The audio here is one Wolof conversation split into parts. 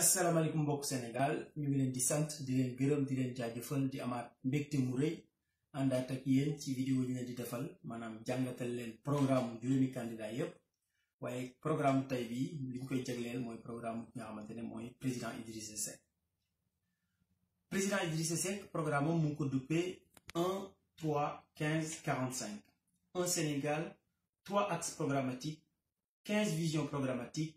alaikum bok Sénégal ñu ngi len di sante di len gërëm di de jaajëfal di amaat mbégte mu reuy àndaat ak yeen ci vidéo ñu notre di defal manam jangatal programme de candidat yépp waaye programme tay bi li ñu koy programme bi nga xamante président Idrissa Seck président Idrissa Seck programme am mu ko 1 3 15 45 un Sénégal 3 axes programmatiques 15 visions programmatiques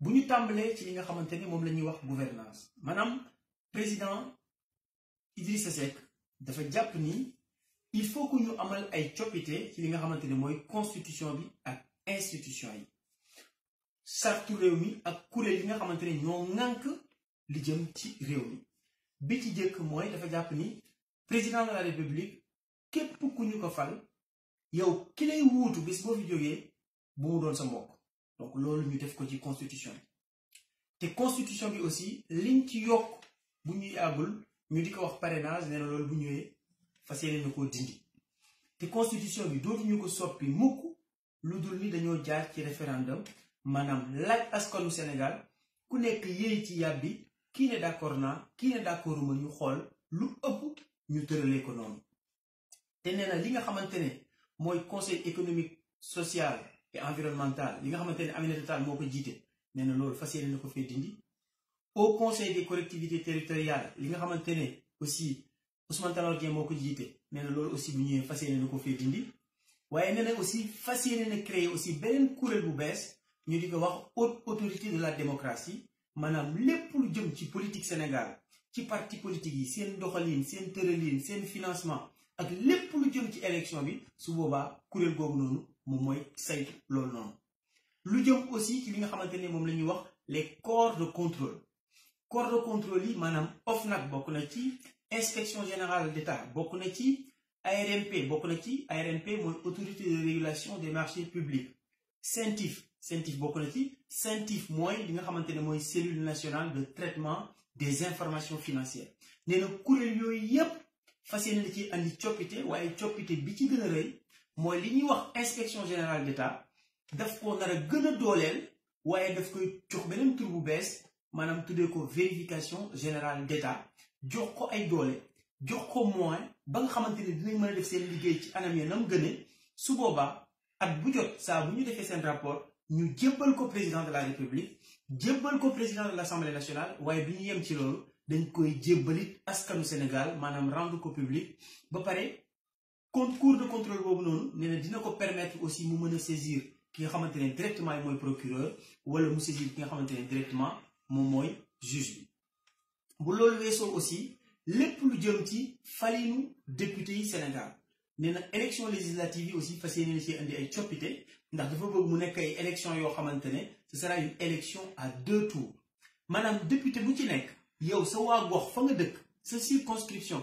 bu ñu tàmbalee ci li nga xamante ni moom la wax gouvernance maanaam président Idrissa Seck dafa jàpp ni il faut que ñu amal ay coppite ci li nga xamante ni mooy constitution bi ak institution yi sartu réew mi ak kuréel yi nga xamante ne ñoo ŋànk li jëm ci réew mi bi ci jëkk mooy dafa jàpp ni président de la république képp ku ñu ko fal yow ki lay wuutu bis boo fi jógee bu mu doon sa mbokk donc loolu ñu def ko ci constitution té constitution bi aussi liñ ci yok bu ñuy agul ñu diko wax parrainage nee na loolu bu ñëwee fas yéene na koo dindi té constitution bi dootuñu ñuko soppi mukk lu ni dañoo jaar ci référendum manam laaj askanu Sénégal ku nekk yéey ci yàbbi ki ne d'accord na ki ne d'accorduma ñu xol lu ëpp ñu tëralee ko noonu té néna li nga xamante mooy conseil économique social et environnementale yi nga xamante ne Aminata Tall moo ko jiite nee na loolu fas dindi au conseil des collectivités territoriales li nga xamante aussi Ousmane Tanor Dieng beaucoup ko mais nee na aussi bu ñëwee fas yéene dindi waaye nee aussi fas de créer aussi beneen kuréel bu bees ñu di ko wax haute autorité de la démocratie maanaam lépp lu jëm ci politique Sénégal ci parti politique yi seen doxalin seen tëralin seen financement ak lépp lu jëm ci élection bi su boobaa kuréel moom mooy saytu non. lu aussi qui li nga maintenir ne moom les corps de contrôle corps de contrôle madame maanaam OFNAC bokk inspection générale d'État bokk ci ARMP bokk ARMP autorité de régulation des marchés publics Sentif, Sentif bokk Sentif ci CENTIF mooy li nga xamante cellule nationale de traitement des informations financières nee na kuréel yooyu yep fas yéene ci andi coppite waaye coppite bi ci mooy li wax inspection générale d'État daf ko nar a dolel waye daf koy jox benen tur bu bees maanaam ko vérification générale d'État jox ko ay doole jox ko moyen ba nga xamanteni dinañ mëna def seen liggéey ci anam ya nam gëne su boba at bu jot sa bu ñu defee seen rapport ñu jébbal ko président de la république jébbal ko président de l'Assemblée nationale waye bi ñu yem ci lolu dañ koy jébbalit askanu Sénégal manam rendre ko public ba paré concours de contrôle pour nous, nous permettre aussi mu saisir ki nga directement le procureur wala mu saisir directement le juge bi bu aussi lu ci député Sénégal législative aussi ce sera une élection à deux tours Madame député bu ci nekk yow sa fa nga circonscription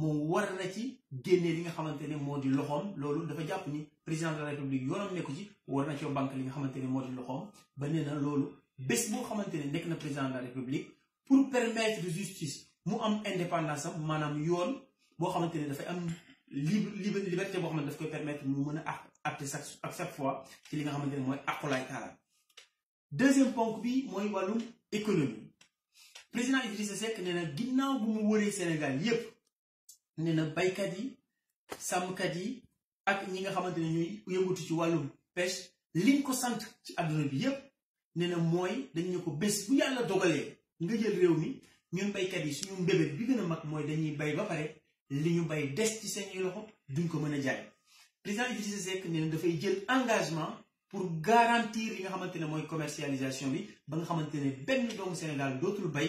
moom war na ci génnee li nga xamante ne moo di dafa jàpp ni président de la république yoonam nekku ci war na ci banque li nga xamante ne moo di loxoom ba nee na loolu na président de la république pour permettre justice mu am indépendance manam maanaam yoon boo xamante ne am libre liberté boo xamante daf koy permettre mu mën a acte chaque ak chaque fois ci li nga xamante ne mooy aqulaay deuxième point bi mooy wàllum économie président Idrissa Seck nee na ginnaaw bu mu wëree Sénégal yépp ne na baykat yi yi ak ñi nga xamante ñuy yëngutu ci walum pêche liñ ko sant ci aduna bi yépp nee na mooy dañu ko bés bu yàlla dogalee nga jël réew mi ñun baykat yi suñu mbébét bi gën a mag mooy dañuy bay ba pare li ñu bay des ci seen loxo duñ ko mën a jaay président Idrissa Seck nee na dafay jël engagement pour garantir li nga xamante ne mooy commercialisation bi ba nga xamante ne benn doomu Sénégal dootul bay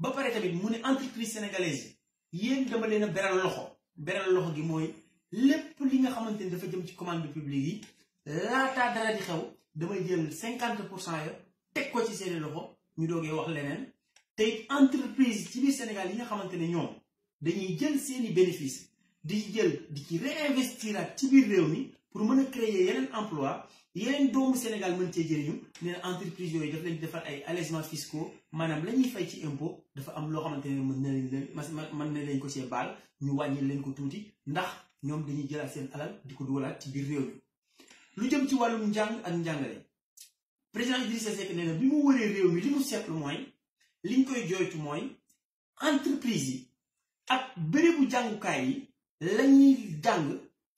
ba pare tamit mu ne entreprise sénégalaise yi yéen dama leen a beral loxo beral loxo gi mooy lépp li nga xamante ni dafa jëm ci commande publique yi laataa dara di xew damay jël cinquante pour cent ya teg ko ci seeni loxo ñu doogee wax leneen tey entreprise ci biir Sénégal yi nga xamante ne ñoom dañuy jël seeni bénéfice di jël di ci réinvestiraat ci biir réew mi pour mëna créer yeneen emploi yeneen doomu Sénégal mën cee jëriñu né entreprise yooyu daf leen di ay allègements fiscaux maanaam la ñuy fay ci impôt dafa am loo xamante ne mën na leen leen mën na leen ko see baal ñu wàññi leen ko tuuti ndax ñoom dañuy jëlaat seen alal di ko duwalaat ci biir réew mi lu jëm ci wàllum njàng ak njàngale président Idrissa Seck nee na bi mu wëree réew mi li mu seetlu mooy liñ koy jooytu mooy entreprise yi ak bérébu jàngukaay yi lañuy jàng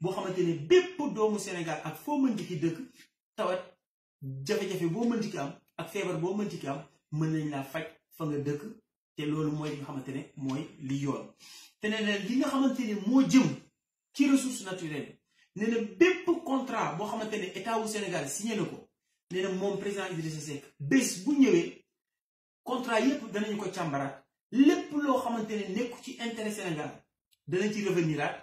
boo xamante ne bépp doomu Sénégal ak foo mën di ki dëkk tawat jafe-jafe boo mën di ki am ak feebar boo mën di ki am mën nañ laa faj fa nga dëkk te loolu mooy li nga xamante ne mooy li yoon te nee na li nga xamante ne moo jëm ci ressource naturelle nee na bépp contrat boo xamante ne état wu Sénégal signé na ko nee na moom président Idrissa Seck bés bu ñëwee contrat yépp danañu ko càmbaraat lépp loo xamante ne nekku ci intérêt Sénégal danañ ci reveniraat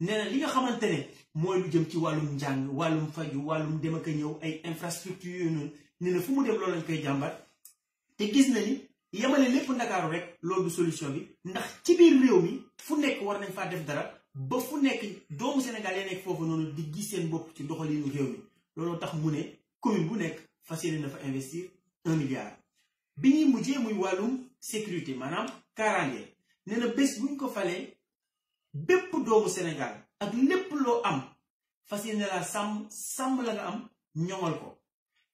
nee na li nga xamante ne mooy lu jëm ci wàllum njàng wàllum faju wàllum dem ak ñëw ay infrastructure yooyu noonu nee na fu mu dem loolu lañ koy jàmbat te gis na ni yemale lépp ndakaaru rek loolu du solution bi ndax ci biir réew mi fu nekk war nañ faa def dara ba fu nekk doomu Sénégal ya nekk foofu noonu di gis seen bopp ci doxalinu réew mi looloo tax mu ne commune bu nekk fas yéene na fa investir un milliard bi ñuy mujjee muy wàllum sécurité maanaam kaaraange nee na bés buñ ko falee bépp doomu Sénégal ak lépp loo am fas yéene laa sàmm sàmm la nga am ñoŋal ko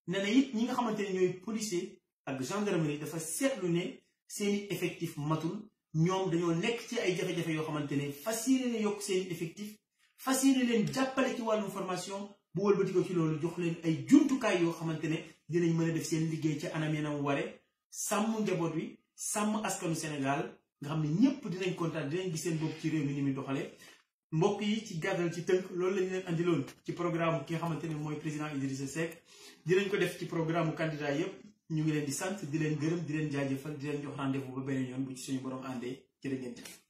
nee na ñi nga xamante ne ñooy policier ak gendarmerie dafa seetlu ne seeni effectif matul ñoom dañoo nekk ci ay jafe-jafe yoo xamante ne fas yéene ne yokk seeni effectif fas yéene leen jàppale ci wàllu formation bu wëlbati ko ci loolu jox leen ay jumtukaay yoo xamante ne dinañ mën a def seen liggéey ci anam yenam ware sàmm njaboot wi sàmm askanu Sénégal nga xam ne ñëpp dinañ kontaan dinañ gis seen bopp ci réew mi ni muy doxalee mbokk yi ci gàttal ci tënk loolu lañu leen andiloon ci programme ki nga xamante ne mooy président Idrissa Seck dinañ ko def ci programme candidat yëpp ñu ngi leen di sant di leen gërëm di leen jaajëfal di leen jox rendez-vous ba beneen yoon bu ci suñu borom àndee jërë ngeen jëf